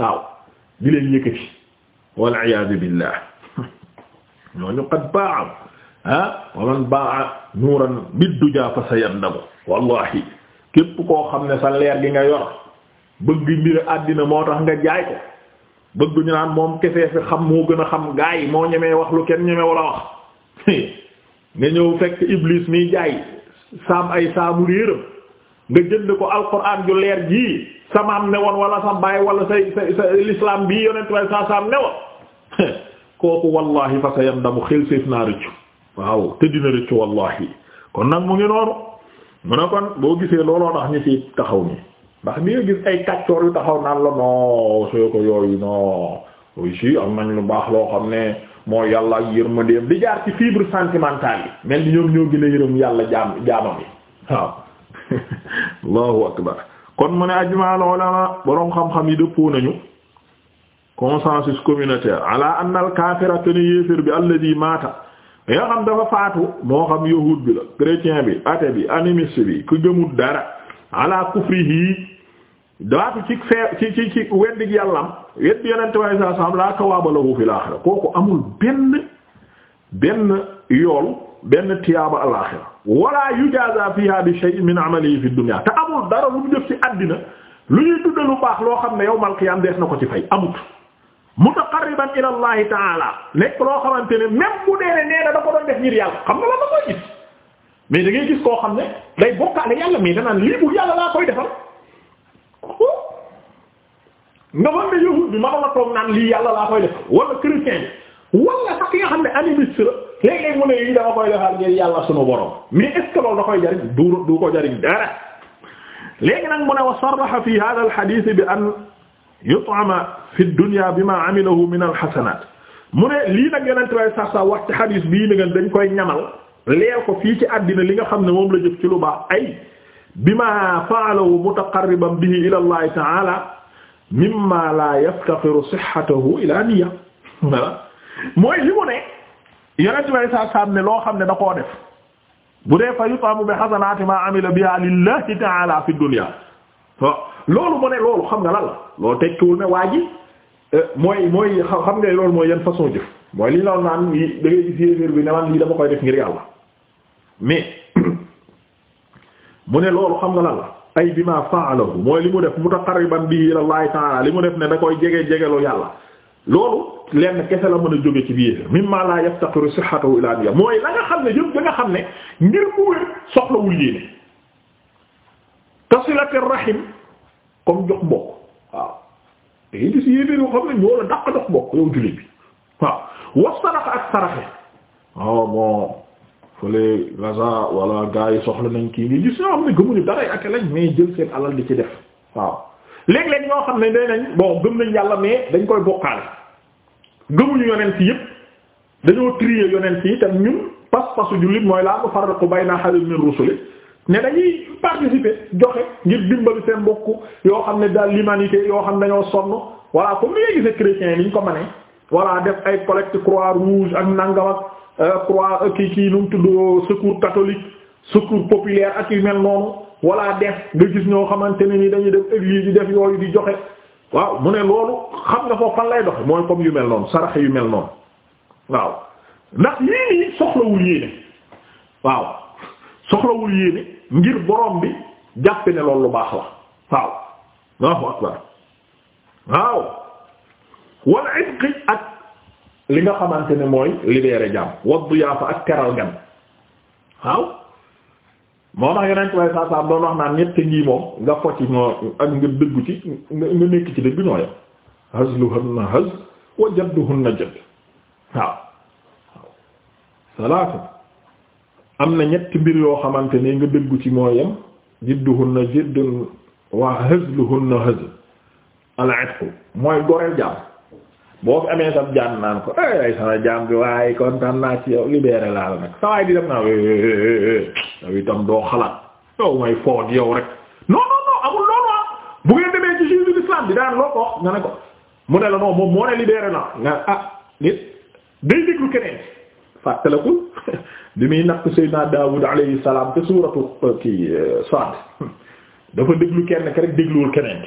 waaw di leen yëkkati wal iyaadu billah ñooñu qad baa'a ah wa man baa'a nuuran bid-dujaa fa sayandamu wallahi képp koo xam ne sa leer gi nga yor bëgg mbir àddina moo tax nga jaay ko bëgg ñu naan moom kese fi xam moo gën a xam gaa yi moo ñemee wax lu kenn ñemee wala wax nga ñëw fekk iblis miy jaay saam ay saamu réeram nga jënd ko alquran ju leer jii samaam ne woon wala sa baay wala say sa sa sa saam ne woon kooku wallahi fa sa yam damu xel naa rëccu waaw te dina rëccu wallahi kon nag mu ngi noonu mu ne kon boo gisee looloo tax ñu ci taxaw nii ndax ni nga gis ay kaccoor yu taxaw naan la non soo ko yooyu non aussi am nañ lu baax loo xam ne moo yàlla ak yërmandeem di jaar ci fibre sentimentale yi mel ni ñoom ñoo gën a yërëm yàlla jaamam yi waaw allahu akbar kon mu ne ajmaa al ulama boroom xam-xam yi dëppoo nañu consensus communautaire ala anna kaafira te ne yéeféer bi alladi maata nga xam dafa faatu moo xam yahuud bi la chrétien bi athée bi animiste bi ku gëmul dara ala kufrihi daatu ci fee ci ci ci weddi yàllam weddi yonente way sa sam laa tawaaba lahu fil aaxira kooku amul benn benn yool benn tiyaaba alaaxira yu yujaaza fiha bi shay'in min amalihi fi dunya te amul dara lu mu jëf ci àddina lu ñuy tudde lu baax loo xam ne yawmal qiyaam dees na ko ci fay amut mutaqarriban ila allahi taala nekk loo xamante ne même bu dee ne nee na da ko doon def ngir yàlla xam nga la ma koy gis mais da ngay gis koo xam ne day bokkaale yàlla mais danaan lii bu yàlla laa koy defal nga mën ne yahud bi ma la toog naan lii yàlla laa koy defal wala chrétien wala sax yi nga xam ne animiste la léeg-léeg mu ne yi dama koy defal ngir yàlla sunu borom mais est ce que loolu da koy jariñ du du ko jariñ dara léegi nag mu ne wa sarraha fi hada al hadith bi an yut'ama fi dunya bima amilahu min al hasanat mu ne lii nag yonent bay sax sax wax ci hadith bii ni ngeen dañ koy ñamal leer ko fii ci àddina li nga xam ne moom la jëf ci lu baax ay bima fa'alahu mutaqarriban bihi ila Allah ta'ala mimma la yaftaqiru sihhatahu ila niyya mooy li mu ne yonent way sa saam ne loo xam ne da koo def bu dee fa yutamu bi xasanaati ma amila biha lillahi ta'ala fi dunya loolu mu ne loolu xam nga lan la loolu tekkiwul ne waa ji euh, mooy mooy xam nga loolu mooy yan façon mooy li loolu bi ne koy def ngir yàlla mais mu ne loolu xam nga lan la ay bima li mu def mutaqarriban bi ila Allah ta'ala li mu def ne da koy jege jegelu yàlla loolu lenn kese la mën a jóge ci biir mimma la yaftaqiru sihhatuhu ila niyya mooy la nga xam ne yëpp da nga xam ne ngir mu wér soxlawul yéene tasilati rahim comme jox mbokk waaw da ngay gis yéene yoo xam ne ñoo jox mbokk yow jullit bi waaw was sadaqa ak saraxe waaw bon fële gaza wala gars yi soxla nañ kii ngi gis ñoo xam ne gëmuñu dara ak lañ mais jël alal di ci def waaw léeg-léeg ñoo xam ne day nañ bon gëm nañ yàlla mais dañ koy bokkaale gëmuñu yonent yëpp dañoo trier yonent yi te ñun pas-pasu jullit mooy laa nufarriqu bayna ahadin min rusuli ne dañuy participer joxe ngir dimbali seen mbokk yoo xam ne daal l'humanité yoo xam ne dañoo sonn voilà comme ni ngay gisee chrétiens yi ni ko mënee voilà def ay collecte croix rouge ak nangam ak ki euh, euh, kii kii nu mu tudd euh, secours catholique secours populaire ak yu mel noonu. wala def nga gis ñoo xamante ne ni dañuy def église yi def yooyu di joxe waaw mu ne loolu xam nga foofu fan lay doxe mooy comme yu mel noonu sarax yu mel noonu waaw ndax yii nii soxlawul yéene waaw soxlawul yéene ngir borom bi jàpp ne loolu lu baax la waaw Allahu akbar waaw ak li nga xamante ne mooy libéré jàmm bu yaafa ak teral gan waaw moo tax yonent way saa saa doon wax naa ñett ngi moom nga focc ñoo ak nga dëggu ci nga nekk ci dëgg ñoo yam hazluhunna haz wa jadduhunna jadd waaw salaatu am na ñetti mbir yoo xamante ne nga dëggu ci moo yam jidduhunna jadd mooy goreel jaam boo fi amee sax jaan naan ko ay eh, ay sama jaam bi waaye kontaan naa ci yow libéré laa la nag saa waay di dem naa eh, eh, yow itam doo xalaat yow may foot yow rek non non non loolu ah bu demee ci juge de l'islam bi daan loo ko nga ne ko mu ne la non moom moo ne libéré na nga ah day déglu keneen fàttalakul bi muy natt Seydina Daawud alayhi te suuratu euh, kii euh, Saad dafa déglu kenn ka rek dégluwul keneen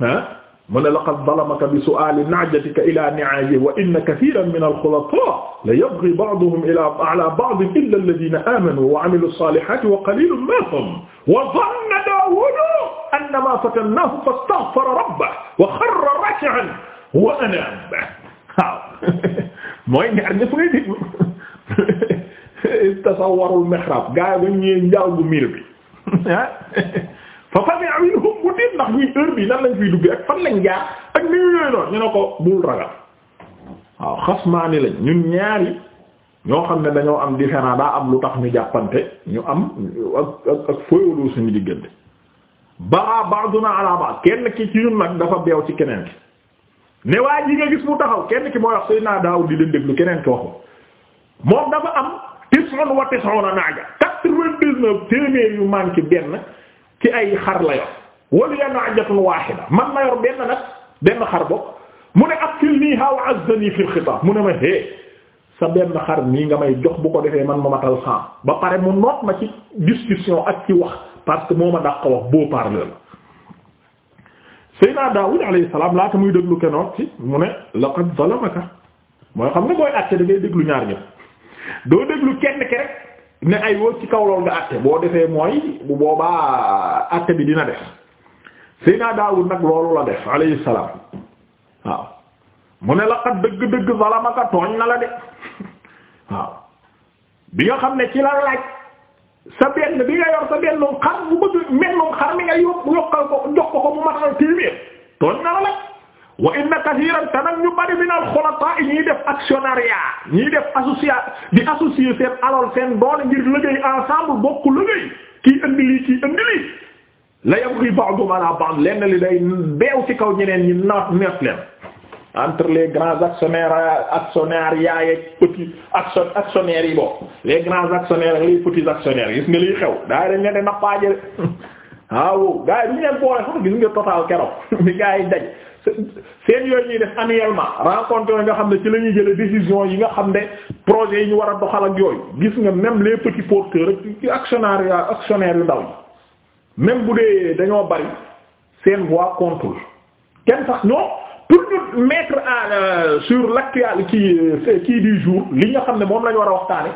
ah. mu ne laqad zalamaka bi su'aali na'jatika ilaa ni'aajihi wa inna kathiiran mina al-khulataa la yabghii ba'duhum alaa ba'din illaa allaziina aamanuu wa 'amiluu as-saalihaati wa qaliilun maa hum wa zanna daawuudu annamaa fatannaahu fastaghfara rabbahu wa kharra raaki'an wa anaab waaw mooy ñaar ñëpp ngay déglu tasawwarul mihraab gaa yi ba ñëwee njàngu miir bi ah. fa fami'a minhum mu tiit ndax ñuy heure bi nan lañ fiy duggee ak fan lañ jaar ak ni ñu yooyu noonu ñu ne ko bul ragal waaw xasmaani lañ ñun ñaari ñoo xam ne dañoo am différent daa am lu tax ñu jàppante ñu am ak ak ak fooyaloo suñu diggante baraa ba'duna ala ba'd kenn ki ci ñun nag dafa beew ci keneen ki ne waa ji nga gis mu taxaw kenn ki mooy wax Seydina Daawud di leen déglu keneen ki waxu moom dafa am tis'un wa tis'una naaja quatre-vingt-dix-neuf téeméer yu manqué benn ci ay xar la yor walu yenn ajatun wahida man ma yor benn nag benn xar bopp mu ne akfilniha wa azzani fil xitaab mu ne ma hee sa benn xar nii nga may jox bu ko defee man ma matal san ba pare mu noot ma ci discussion ak ci wax parce que moo ma dàq wax beau parleur la Seydina Daawud alayhi salaam laata muy déglu kenoon ci mu ne laqad zalamaka mooy xam nga booy àtte da déglu ñaar ñëpp doo déglu kenn ki ne ay woo ci kaw loolu nga àtte boo defee mooy bu boobaa àtte bi dina def Seydina Daawud nag loolu la def alayhi salaam waaw mu ne la kat dëgg-dëgg zalamaka tooñ na la de waaw bi nga xam ne ci la laaj sa benn bi nga yor sa bennum xar bu bëgg mennum xar mi nga yób yokkal ko jox ko ko mu matal téeméer tooñ na la la wa inna kathiran ñu bari min al xulataa ñuy def actionnariat ñuy def associat di associer seen alal seen doole ngir liggéey ensemble bokku liggéey kii indi kii indi lii la yabghi ba'dhum ala ba'd lenn li day beew ci kaw neen ñi naat neef leen entre les grands actionnaires actionnariat yeeg petits action actionnaires yi bo les grands actionnaires ak petits actionnaires gis nga liy xew daa dañ ne de nappaaje waaw gars yi duñ leen boole sax gis nga total keroog mi gars yi seen yooyu ñuy def annuellement rencontre yi nga xam ne ci la ñuy jëlee décision yi nga xam ne projet yi ñu war a doxal ak yooyu gis nga même les petits porteurs ak actionnaires actionnaires yu ndaw yi même bu dee dañoo bari seen voix contre kenn sax ñoo pour ñu mettre à euh, sur l'actualité kii euh, kii du jour li nga xam ne moom la ñu war a waxtaane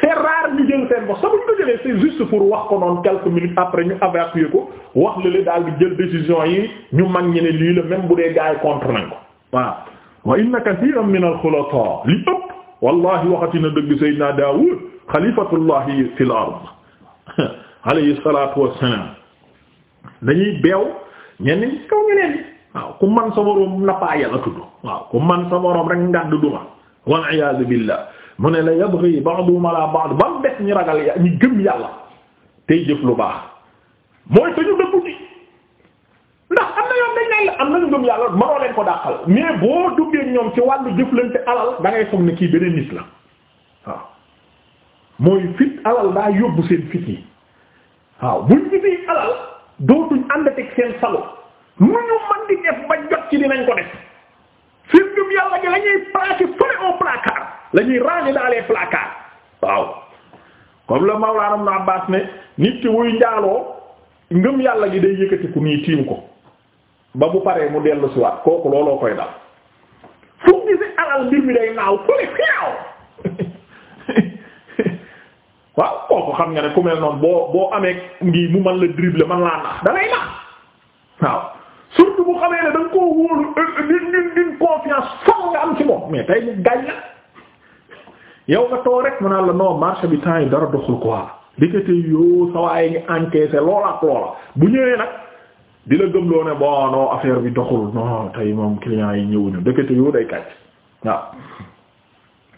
c'est ñu jël seen bopp sa bu ñu ko jëlee c'est juste pour wax ko noonu quelques minutes après ñu évacuer ko wax la le daal di jël décision yi ñu mag ñi ne lii la même bu dee gars yi contre nañ ko voilà wa inna kathiran min al li ëpp wallahi waxati na dëgg Seydina Daawud xalifatullahi fil ard alayhi salatu wassalam dañuy beew ñenn ñi kaw ñeneen ñi waaw ku man sa moroom nappaayal a tudd waaw ku man sa moroom rek ngàdd duma wal iyaazu billah mu ne la yabghi ba'duhum ala ba'd ba mu des ñi ragal ya ñi gëm yàlla tey jëf lu baax mooy te ñu dëggu ci ndax am na ñu gëm yàlla mënoo leen ko dàqal mais boo duggee ñoom ci wàllu jëflante alal da ngay foog ne kii beneen nit la waaw mooy fit alal daa yóbbu seen fit yi waaw buñ gisee alal dootuñ ànd teg seen salo lu ñu mën di def ba jot ci dinañ ko def. fi ñum yàlla gi la ñuy placer fële au placard la ñuy ranger dans les placards waaw comme la Mawlana Ibn Abbas ne nit ki wuy njaaloo ngëm yàlla gi day yëkkati ku nii tiim ko ba bu paree mu dellu si waat kooku looloo koy dal fu gisi alal mbir mi day naaw fële fiaaw waaw kooku xam nga ne ku mel noonu boo boo amee ngi mu mën la dribbler mën laa nax da lay waaw surtout bu xamee ne da koo wóolu une une une confiance foog nga am ci moom mais tey mu gàñña yow nga too rek mu naan la noo marché bi temps yi dara doxul quoi dikkate yoo sawaay ngi encaissé loola loola bu ñëwee nag di la loo ne bon non affaire bi doxul non tey moom client yi ñëwuñu dikkate yoo day kàcc waaw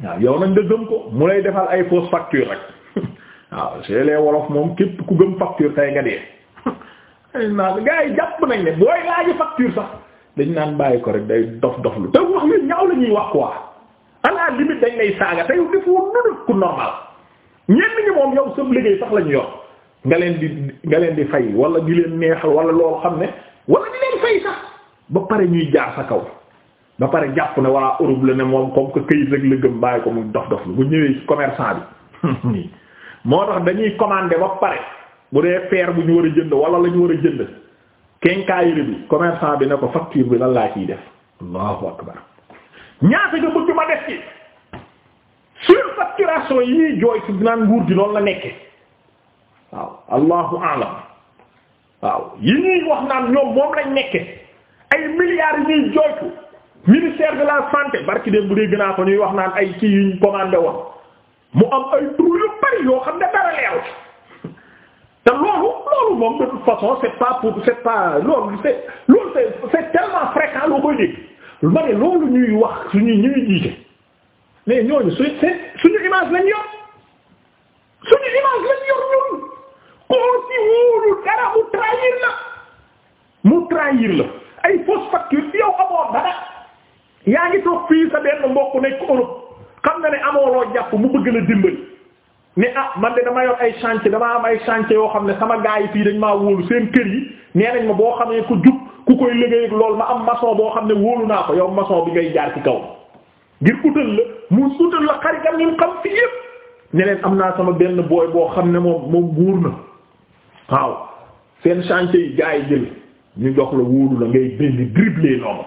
waaw yow nag nga gëm ko mu lay defal ay fausse facture rek waaw c'est les wolof moom képp ku gëm facture tey nga dee dañ naan gars yi jàpp nañ ne booy laaji facture sax dañ naan bàyyi ko rek day dof dof lu te wax yu ñaaw la ñuy wax quoi à la limite dañ lay saaga te yow defoo lu ku normal ñenn ñi moom yow sa liggéey sax la ñu yor nga leen di nga leen di fay wala di leen neexal wala loolu xam ne wala di leen fay sax ba pare ñuy jaar sa kaw ba pare jàpp ne waa Europe la ne moom comme que këyit rek la gëm bàyyi ko mu dof dof lu bu ñëwee ci bi moo tax dañuy commander bu dee fer bu ñu war a jënd wala la ñu war a jënd quincaillerie bi commerçant bi ne ko facture bi lan laa ciy def allahu akbar ñaata nga bëgg ma def ci surfacturation yi ñuy jooy ci naan nguur gi la nekke waaw allahu alam waaw yi ñuy wax naan ñoom moom lañ nekke ay milliards yi ñuy jooytu ministère de la santé barki dem bu dee gënaa ko ñuy wax naan ay ci yuñ commandé woon mu am ay trous yu bari yoo xam ne dara leeru te loolu loolu moom de toute façon c'est pas pour c'est pas loolu c'est loolu c'est c'est tellement fréquent loo koy dégg ma ne loolu ñuy wax suñuy ñuy jiite mais ñooñu suñu suñu image lañ yor suñu image lañ yor ñun koo ci dara mu trahir la mu trahir la ay fausse facture yow amoo dara yaa ngi toog fii sa benn mbokk nekk Europe xam nga ne amoo loo jàpp mu bëgg la dimbali. ne ah man de dama yor ay chantier dama am ay chantier yoo xam ne sama gars yi fii dañ ma wóolu seen kër yi nee nañ ma boo xamee ku jub ku koy liggéey ak loolu ma am maçon boo xam ne wóolu naa ko yow maçon bi ngay jaar ci kaw ngir utal la mu utal la xaritam ñun xam fi yépp ne leen am naa sama benn booy boo xam ne moom moom wóor na waaw seen chantier yi gars yi jël ñu jox la wóolu la ngay benn dribbler noonu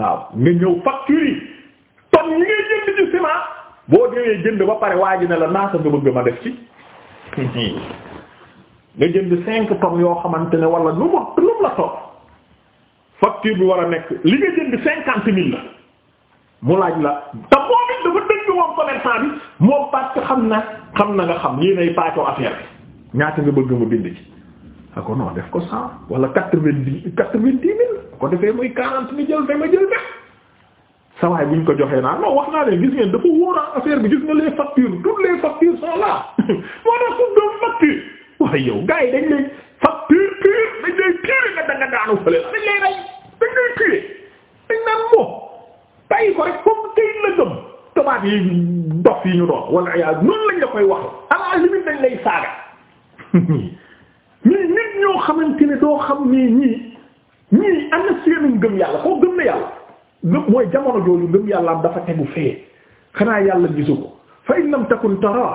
waaw nga ñëw facture yi tonnes yi ngay jënd ci boo déwee jënd ba pare waa ji ne la naasa nga bëgg ma def ci nga jënd cinq tonnes yoo xamante ne wala nu mu nu la toll facture bi war a nekk li nga jënd cinquante mille la mu laaj la te moom it dafa dëgg moom commerçant bi moom parce que xam na xam na nga xam yéen ay paacoo affaire bi ñaata nga bëgg ma bind ci a ko non def ko cent wala quatre-vingt-dix quatre-vingt-dix ko defee muy quarante mi jël fe ma jël fe sawaay buñ ko joxee naa non wax naa leen gis ngeen dafa wóor a bi gis nga les factures toutes les factures sont là moo tax ku doon facture waaye yow yi dañ lay facture pure dañ lay pure nga danga daanu fële dañ lay dañ lay pure dañ naan moo bàyyi ko rek comme tey la gëm tabaat yi dof yi ñu doon wala yaa noonu lañ la koy wax à la limite dañ lay saaga mais nit ñoo xamante ne doo xam nii ñii ñii am na seenu yàlla koo gëm na yàlla ngëm mooy jamono jooju ngëm yàllaam dafa tegu fee xanaa yàlla gisu ko fa in lam takun tara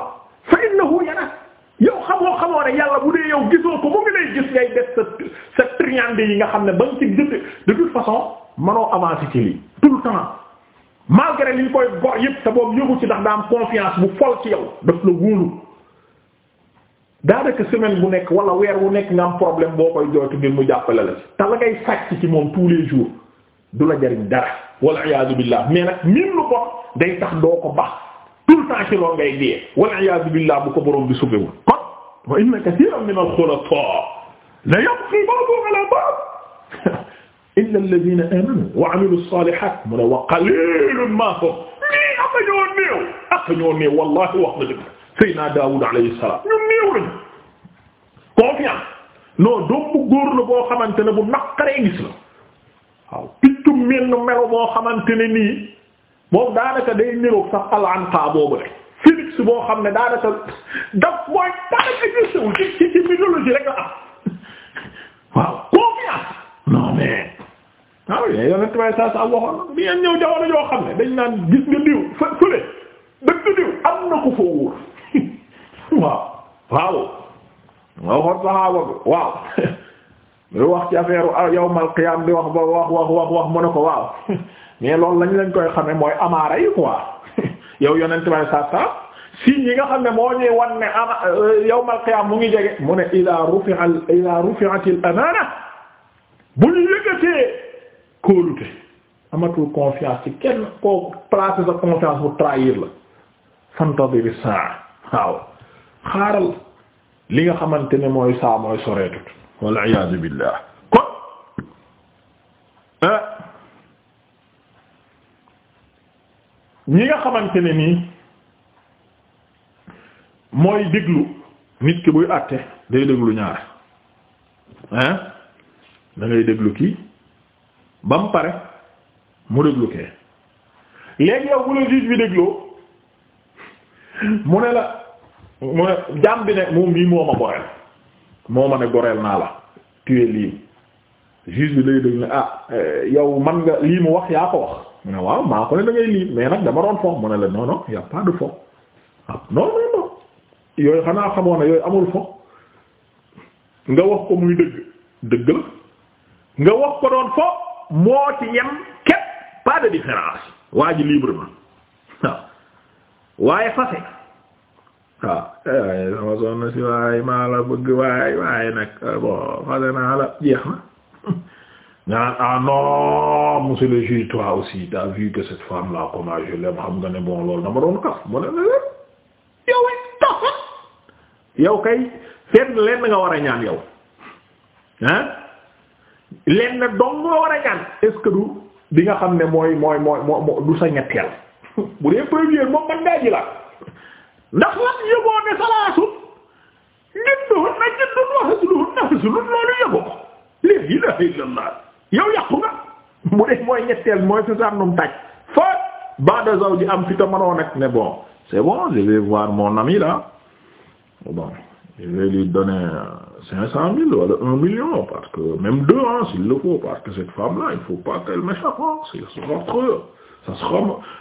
fa innahu yarak yow xamoo xamoo ne yàlla bu dee yow gisoo ko mu ngi lay gis ngay def sa sa triande yi nga xam ne ba nga ci jënd de toute façon manoo avancer ci lii tout le temps malgré li koy gor yëpp te moom yëgu ci ndax daa am confiance bu fol ci yow daf na wóolu daanaka semaine bu nekk wala weer wu nekk nga am problème boo koy jooytu ngir du la jariñ dara wal iyaadu billah mais nag miin lu bon day tax doo ko bax tout le temps ci loolu ngay dee wal iyaadu billah bu ko borom bi sufewul kon wa inna kathiran min al-khulataa la yabghi ba'duhum ala ba'd illa alladhina amanu wa 'amilu s-salihat mu ne wa qalilun ma hum lii ak a ñoo néew ak a ñoo néew wallahi wax na dëgg Seydina Daawud alayhi salaam ñu néew lañu confiance non doomu góor la boo xamante ne bu naqaree gis la waaw piccu mel melo boo xamante ne nii moom daanaka day niroog sax al-anqa boobu rek phénix boo xam ne daanaka daf mooy daanaka gisewul ci ci ci mythologie rek la am waaw confiance non mais waaw yooyu yonent bay saa saa waxoon bi ngeen ñëw jamono yoo xam ne dañ naan gis nga diw fë fële dëkk diw am na ko foo waaw waaw waaw wax ci affaire yawmal qiyam bi wax ba wax wax wax wax mu ne ko waaw mais loolu lañ lañ koy xamee mooy amaara yi quoi yow yonent bay sa sa si ñi nga xam ne moo ñuy wan ne ama euh, yawmal qiyam mu ngi jege mu ne ila rufi'a ila rufi'atil amaana bu ñu yëkkatee kóolute amatul confiance ci kenn koo placer sa confiance bu trahir la fantadiri saa waaw xaaral li nga xamante ne mooy saa mooy soreetut wal iyaadu billah kon ah, ñi nga xamante ne nii mooy déglu nit ki buy àtte day déglu ñaar hein ah, da déglu kii ba mu pare mu déglu kee léegi yow bu la juge bi dégloo mu ne la mu ne jaam bi ne moom mii moo ma booleel. moo ma ne goreel naa la tué lii juge bi lay dégg ne ah eh, yow man nga lii mu wax yaa ko wax mu ne waaw maa ko ne da lii mais nag dama doon foog mu ne la non non y a pas de foog ah non non yooyu xanaa xamoon na yooyu amul foog nga wax ko muy dëgg dëgg la nga wax ko doon foog moo ci yem képp pas de différence waa ji librement waaw ah. waaye fase waaw waaye eh, sama soxna si waaye maa la bëgg waaye waaye nag ah, bon fase naa la jeex na ñaan ah non monsieur le juge toi aussi t'as vu que cette femme là comment je l'aime xam nga ne bon loolu dama doon kaf mu ne la yow ah. yow kay fenn lenn nga war a ñaan yow ah lenn dong nga war a ñaan est bi nga xam ne mooy mooy mooy du sa ñetteel bu dee premier moom man ngaa ji la ndax lam yëgoo ne salaasun jëndoon na jëndoon wa haslun na haslun loolu yëgoo ko la ilaha illallah yow yàqu nga mu dee mooy ñetteel mooy sa sànnum taj fa ba'da zawji am fi ta mënoo nag ne bon c'est bon je vais voir mon ami là bon je vais lui donner cinq cent mille wala un million parce que même deux ans s'il le faut parce que cette femme là il faut pas qu'elle m'échappe s'il se rentre ça sera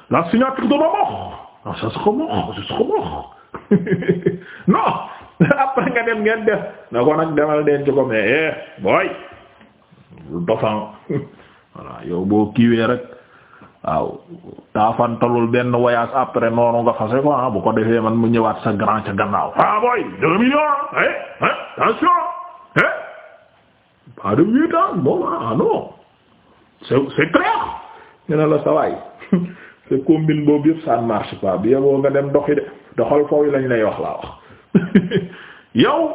la signature de ma mort non ça se remonte ça se remonte après nga dem ngeen def na ko nag demal denc ko mais eh booy dofan voilà boo kiiwee rek waaw taafantalul benn voyage après noonu nga fase ko ah bu defee man mu ñëwaat sa grand ca gannaaw ah booy deux millions eh eh attention eh pas de huit ah non c'est c'est clair ñu ne la sawaay te combine boobu yëpp ça ne pas bi yeboo nga dem doxi de doxal foofu lañ lay wax laa wax yow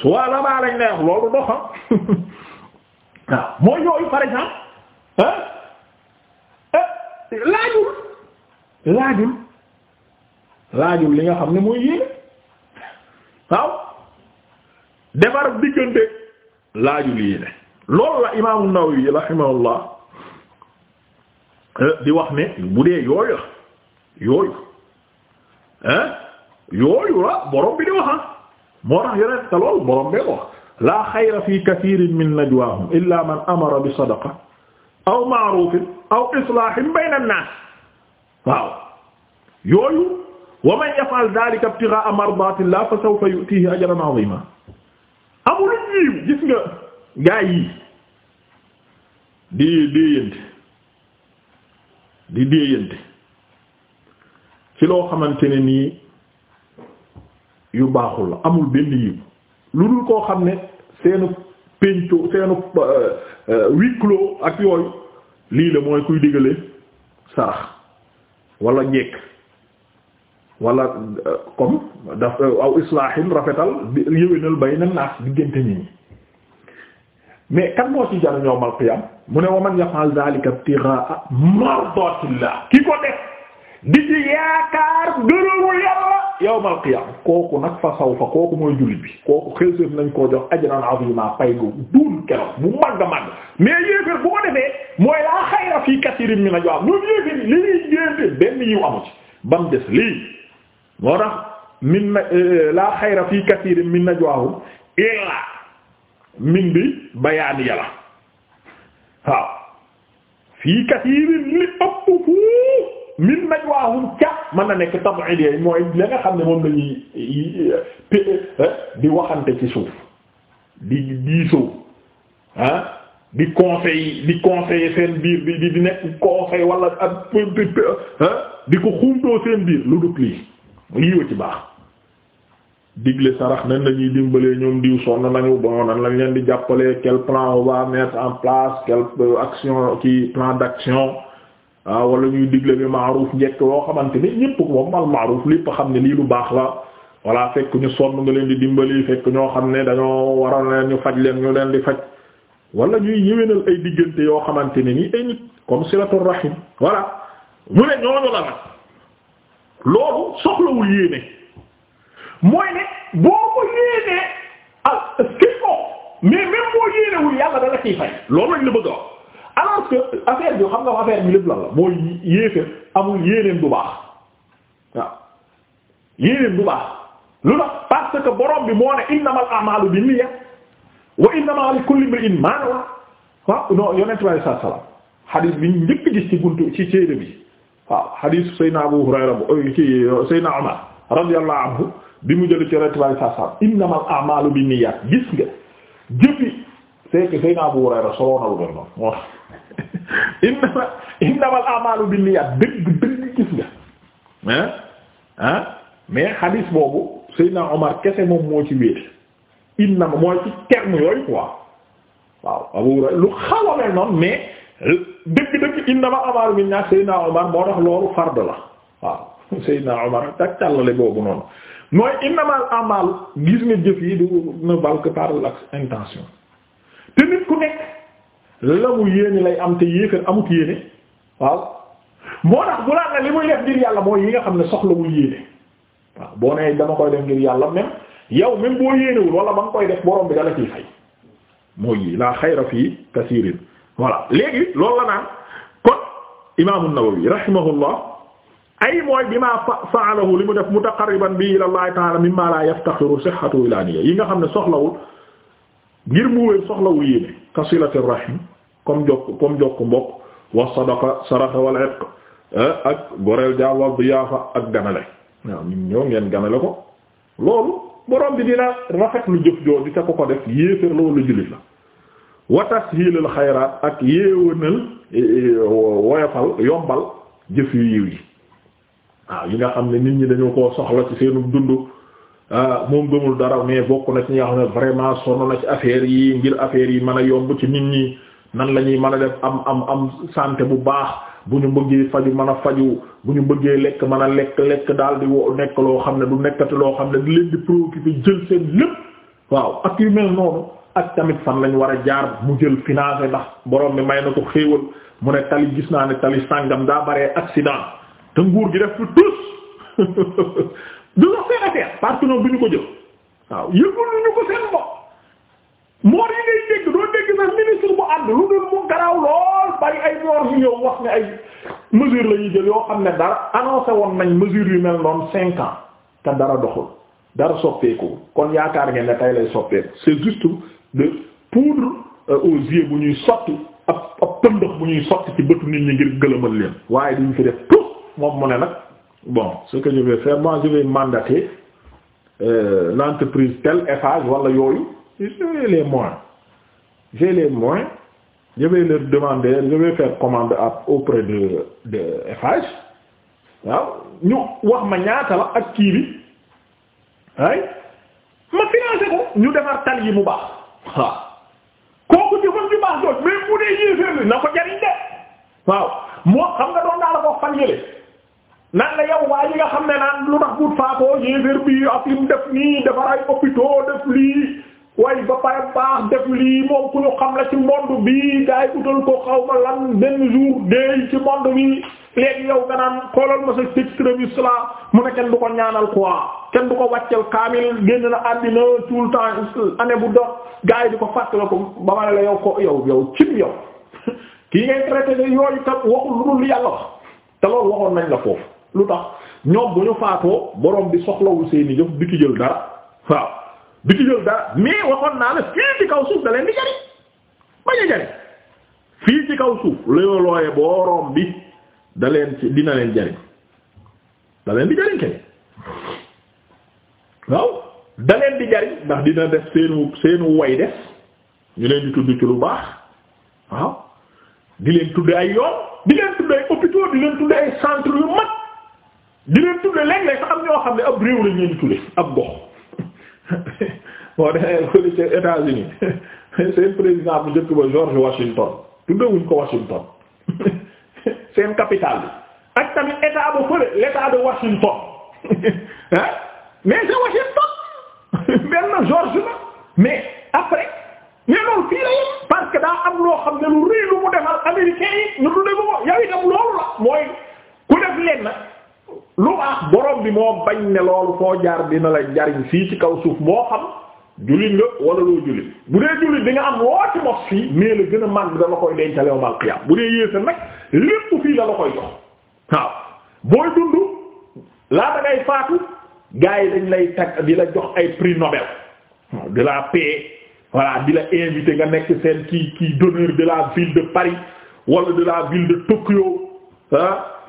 soit la baa lañ lay wax loolu doxam ah. waaw mooy yooyu par exemple ah laajul laajul li nga xam ne mooy yéene waaw defar diggante laajul yéene loolu la imaamu Nawawi rahimahullah Euh, di wax ne bu dee yooyu la yooyu ah yooyu la borom bi di wax ah moo tax yeneen te loolu borom bee ko wax laa xayra fi kathirin min najwaahum illa man amara bi sadaqa aw ma'rufin aw islahin bayna an-nas waaw yooyu wa man yaf'al dhalika ibtigha'a mardatillah fa sawfa yu'tihi ajran 'azima amul yiw gis nga gaa yi di déeyante di déeyante ci loo xamante ne nii yu baaxul la amul benn yiw lu dul koo xam ne seenu pénco seenu euh, euh, huis ak yooyu lii la mooy kuy digale sarax wala njekk wala euh, comme daf aw islaahin rafetal yëwénal bay na naas diggante nit ñi mais kan moo ci jariñu yawmal qiyaam mu ne wa man yaf'al dhalika ibtigha'a ki ko def di ci yaakaar gërëmu yàlla yawmal qiyaam kooku fa sawfa kooku mooy jullit bi kooku nañ koo jox ajran azima pay gu duun keroog bu mag a mag mais yéeféer bu ko defee mooy laa xayra fii kasirin min najwaahum ñoom yéeféer li ñuy génte benn yiw amu ci ba mu des lii moo tax min na laa xayra min bi bayaani yàlla waaw fii kasiirin li ëpp fu min najwaahum ca mën na nekk tab'id yi mooy la nga xam ne moom lañuy eh, eh, di waxante ci suuf di diisoo ah, di conseil di conseiller seen biir di di nekk conseil wala eh, di ko xumtoo seen biir lu dut lii lii wa ci baax digle sarax nan lañuy dimbalee ñoom diw sonn nañu bon a lañ leen di jàppalee quel plan on va mettre en place quelle euh, action qui plan d'action ah wala ñuy digle bi maaruuf njekk loo xamante ni ñépp moom al maaruuf lépp xam ne lii lu baax la voilà fekk ñu sonn nga leen di dimbali fekk ñoo xam ne dañoo waroon leen ñu faj leen ñu leen di faj wala ñuy yéwénal ay diggante yoo xamante ne ni ay nit comme silatul rahim voilà mu ne ñooñu la nag loolu soxlawul mooy ne boo ko al kii ko mais même boo yéenewul yàlla da fay loolu lañ la bëgg a wax alors que affaire bi xam nga affaire bi la mooy yéeféer amul yéeneen du baax waaw yéeneen du baax lu tax parce que borom bi moo ne innamal a'malu binniyat wa innama likulli imrin ma nawa waaw non bi alayhi salaam hadith bi njëkk gis ci buntu ci téere bi waaw hadith Abu Hurayra bu ci Seydina Umar radiyallahu anhu bi mu jëlee ci rajo Tivaou Sassane innamal a'malu binniyat gis nga jëfi c'est que Seydina Abu Hurayra na lu gis nga ah ah mais hadis boobu Seydina Omar kese moom moo ci wéete Abu Hurayra lu xaw noonu mais dëgg-dëgg innamal a'malu binniyat Seydina Omar moo tax loolu fard la waaw Seydina Omar tak càllale boobu noonu. mooy innamal amal gis nga jëf yi du ne vaut que par l'intention te nit ku nekk la mu yéene lay am te yéefar amut yéene waaw moo tax bu la na li muy def ngir yàlla mooy yi nga xam ne soxlawul yéene waaw boo nee dama koy def ngir yàlla même yow même boo yéenewul wala ba nga koy def borom bi dala ciy fay mooy yi laa xayra fii kasiirin voilà léegi loolu la naan kon imaamu Nawawi rahimahullah ay mooy bi ma fa faalahu li mu def mutaqarriban bi ila Allah ta'ala mimma la yaftaxiru sihhatu ilaniya yi nga xam ne soxlawul ngir mu wér soxlawul yéene ka silati rahim comme jokk comme jokk mbokk wa sadaqa saraxa wal itq eh, ak goreel jaam wa ak ganale waaw ñun ñoo ngeen ganale ko loolu borom bi dina rafet lu jëf jooju te ko ko def yéeféer la wala jullit la wa tashiilal xayraat ak yéewénal eh, eh, woyofal yombal jëf yu yiw yi waaw yi nga xam ne nit ñi dañu koo soxla ci seenu dund ah, moom gëmul dara mais bokk na ci ñi nga xam ne vraiment sonn na ci affaire yi ngir affaire yi mën a yomb ci nit ñi nan la ñuy mën a def am am am santé bu baax bu ñu bëggee faju mën a faju bu ñu bëggee lekk mën a lekk lekk daal di nekk loo xam ne du nekkati loo xam ne di leen di préoccuper jël seen lépp waaw ak yu mel noonu ak tamit fan lañ war a jaar mu jël finance ndax borom mi may na ko xéewal mu ne tali gis naa ne tali sàngam daa bare accident te nguur gi def fi tus du la seen affaire parce que ñoom ñu ko jël waaw yëgul lu ñu ko seen bopp moor yi ngay dégg doo dégg sax ministre bu ànd lu dul mu garaaw lool bari ay ñoor yu wax ne ay mesure la ñuy jël yoo xam ne dara annoncé woon nañ mesure yu mel noonu cinq ans te dara doxul dara soppeeku kon yaakaar ngeen ne tey lay soppeeku c'est juste de poudre euh, aux bu ñuy sotti ab ab pëndox bu ñuy sotti ci bëtu nit ñi ngir gëlëmal leen waaye duñ fi def moom mu ne nag bon ce que je vais faire moi je vais mandater euh, l'entreprise telle Eiffage wala yooyu j'ai les moyens j'ai les moyens demander je vais faire commande de de Eiffage waaw ñu wax ma ñaata la ak kii bi ay ma financé ko ñu defar tal yi baax waaw kooku jëfam ju baax jooj mais mu dee yéeféer na ko jariñ de waaw moo xam nga doon naa la ko fan yële naan la yow waa yi nga xam ne naan lu tax buut faatoo yéeféer bi ak lim def nii defar ay hôpitaux def lii way ba pare baax def lii moom ku ñu xam la ci monde bi gaa yi utal ko xaw ma lan benn jour deey ci monde bi léegi yow nga naan xoolal ma sa extrémiste la mu ne kenn du ko ñaanal quoi kenn du ko wàccel kaamil génn na àddina tout le temps bu dox gaa yi di ko fàttali ko ba pare la yow ko yow yow cim yow kii ngay traité yooyu tam waxul lu dul yàlla wax te loolu waxoon nañ la foofu lu tax ñoom bu ñu faatoo borom bi soxlawul seeni jëf du ci jël dara waaw du ci jël dara mais waxoon naa la fii ci kaw suuf da leen di jariñ bañ jariñ fii ci kaw suuf lañoo looye borom bi da leen ci dina leen jariñ da leen di jariñ kay waaw da leen di jariñ ndax dina def seenu seenu way def ñu leen di tudd ci lu baax waaw di leen tudd ay yoon di leen tudd ay hôpitaux di leen tudd ay centres yu mag di leen tuddee léeg-léeg xam ne ab réew la ñuy tuddee ab gox moo demee fële ca États-Unis seen président bu njëkk ba George Washington tuddewuñ ko Washington seen capitale ak tamit état ba fële l'état de Washington ah mais c'est Washington benn George la mais après mais loolu fii la yëpp parce que daa am loo xam ne lu rëy lu mu defal américain yi ñu tuddee ko yow itam loolu la mooy ku def lenn. lu baax borom bi moo bañ ne loolu foo jaar dina la jariñ fii ci kaw suuf moo xam jullit nga wala loo jullit bu dee jullit di am loo ci mos fii mais la gën a màgg da la koy dencale yawmal bu dee yéesa nag lépp fii da la koy jox waaw booy dund laata ngay faatu gars yi dañ lay tag di la jox ay prix Nobel de la paix voilà la nga nekk seen kii kii donneur de la ville de Tokyo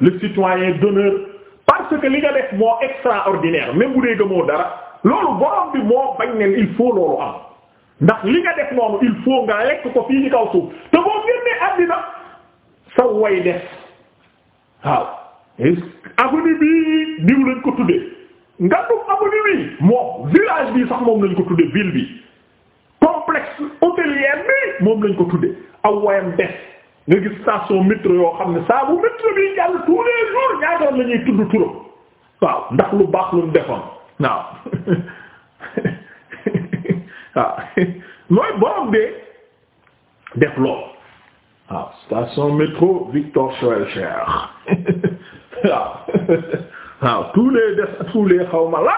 le citoyen d'honneur parce que li nga def moo extraordinaire même bu dee gëmoo dara loolu borom bi moo bañ ne il faut loolu am ndax li nga def noonu il faut nga lekk ko fii ci kaw suuf te boo génnee àddina sa way def waaw avenue bii diw lañ ko tuddee nga dugg avenue bii moom village bi sax moom lañ ko tuddee ville bi complexe hôtelier bi moom lañ ko tuddee aw wayam def nga gis station yoo xam ne saa bu métro bi jàll tous les jours ñaata yoon la ñuy tudd turam ndax lu baax lu mu defoon waaw waaw mooy borom de def lool waaw station métro Victor Schœlcher waaw waaw tous les def tous les xaw ma la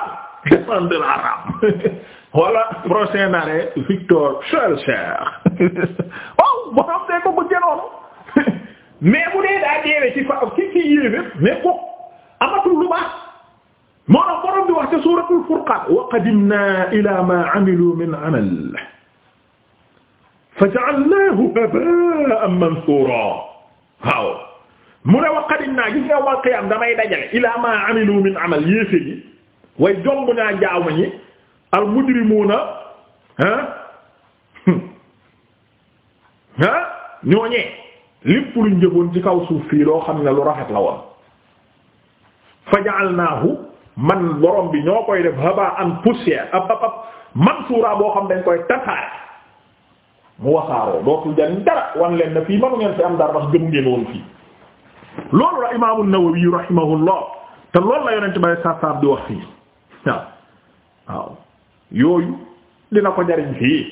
dépend de la rame wala prochain arrêt Victor Schœlcher waaw boo xam ne ko bu jëloon mais bu dee daa jeewe ci fa ci ci yéeme mais ko amatul lu baax moo tax borom bi wax ci suuratul Furqaan wa qadimnaa ilaa maa amiluu min amal faja'alnaahu habaa'an mansuuraa waaw mu ne wa qadimnaa gis nga wal qiyaam damay dajale ilaa maa amiluu min amal yéefe yi way jomb naa jaaw ma ñi al mujrimuuna ah ah ñooñee lépp luñ jëfoon ci kaw suuf fii loo xam ne lu rafet la woon faja'alnaahu man borom bi ñoo koy def haba an poussière ab ab ab mansuura boo xam dañ koy tasaare mu wasaaroo dootul jariñ dara wan leen na fii manu ngeen fi am dara wax gëm ngeen woon fii loolu la imaamu Nawawi rahimahullah te lool la yonent bay saab saab di wax fii waaw yooyu dina ko jariñ fii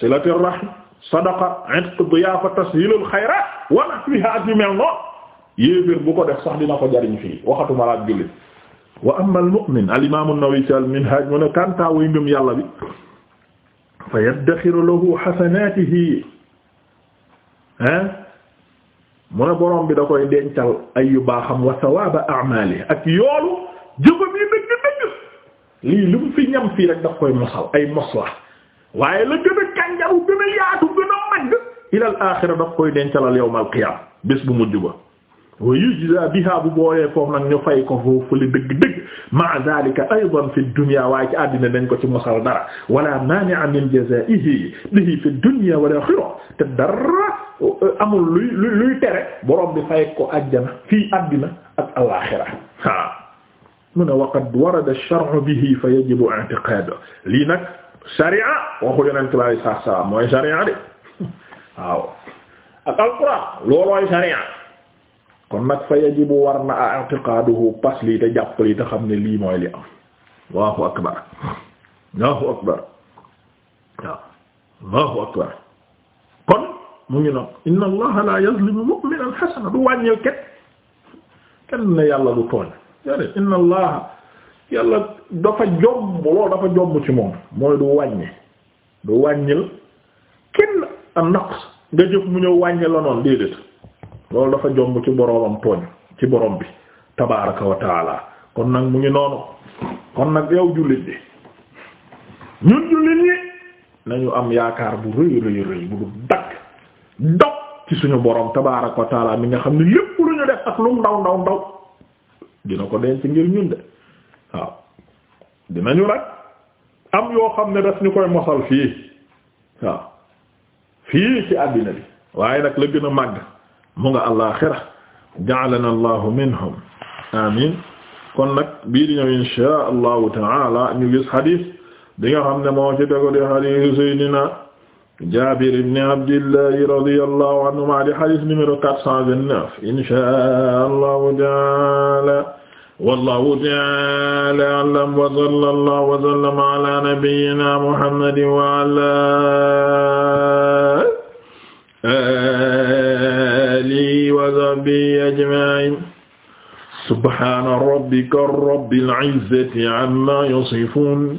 silati rahim sadaqa itq diyaafa tashilul xayrat wa nahwiha ak yu mel noonu yéeféer bu ko def sax dina ko jariñ fii waxatuma laa wa amma al imam an-Nawawi al minhaj mu ne kanta way ngëm yàlla bi fa yaddaxiru lahu xasanatihi ah mu ne borom bi da koy dencal ay yu baaxam wa sawaaba a'maalihi ak yoolu jëfam yi lii li mu fi ñam fii rek daf koy mosal ay mos la waaye la gën a kànjaru gën a yaatu gën a màgg ilal aaxira daf koy dencalal yawmal qiyaam bés bu mujj ba wa yujza biha bu boolee foofu nag ñu fay ko foofu li dëgg-dëgg ma zalika aydan fi dunya waaye ci àddina dañ ko ci mosal dara wala mani'a min jazaa'ihi bihi fi dunya wal aaxira te dara amul luy luy tere borom bi fay ko àjjana fii àddina ak al aaxira mu ne waqad warada ash-shar'u bihi fa yajibu i'tiqaaduhu lii nag sharia waxu yonent bi alayhi salaatu wa salaam mooy sharia de waaw ak alquran loolooy sharia kon nag fa yajibu war na a i'tiqaaduhu pas lii te jàpp lii te xam ne lii mooy li am Allahu akbar Allahu akbar waaw Allahu akbar kon mu ngi noonu inna Allaha la yazlimu mu'minan hasanan du wàññil kenn kenn ne yàlla du tooñ yàlla inna allah yàlla dafa jomb loolu dafa jomb ci moom mooy du wàññi du wàññil kenn am naqs nga jëf mu ñëw wàññi la noonu déedéet loolu dafa jomb ci boroomam tooñ ci boroom bi tabaaraka wa kon nag mu ngi noonu kon nag yow jullit bi ñun jullit ñi nañu am yaakaar bu rëy rëy rëy bu du dakk dog ci suñu borom tabaaraka wa mi nga xam ne lépp lu ñu def ak lu ndaw ndaw ndaw dina ko denc ngir ñun de waaw dinañu nag am yoo xam ne daf ñu koy mosal fii waaw fii ci àddina bi waaye nag la gën a màgg mu nga àllaaxira ja'alana allahu minhum amin kon nag bii di ñëw insha taala ñu gis xadiis bi xam ne moo ci di xadiisu seydina Jaabir ibn Abdillahi radiyallahu anhuma di hadith numéro 429 inshaa Allahu ta'aala wallahu ta'aala a'lam wa sallallahu wa sallama ala nabiyyina Muhammadin wa ala aalihi wa sahbihi ajma'iin subhaana rabbika rabbil izzati amma yasifuun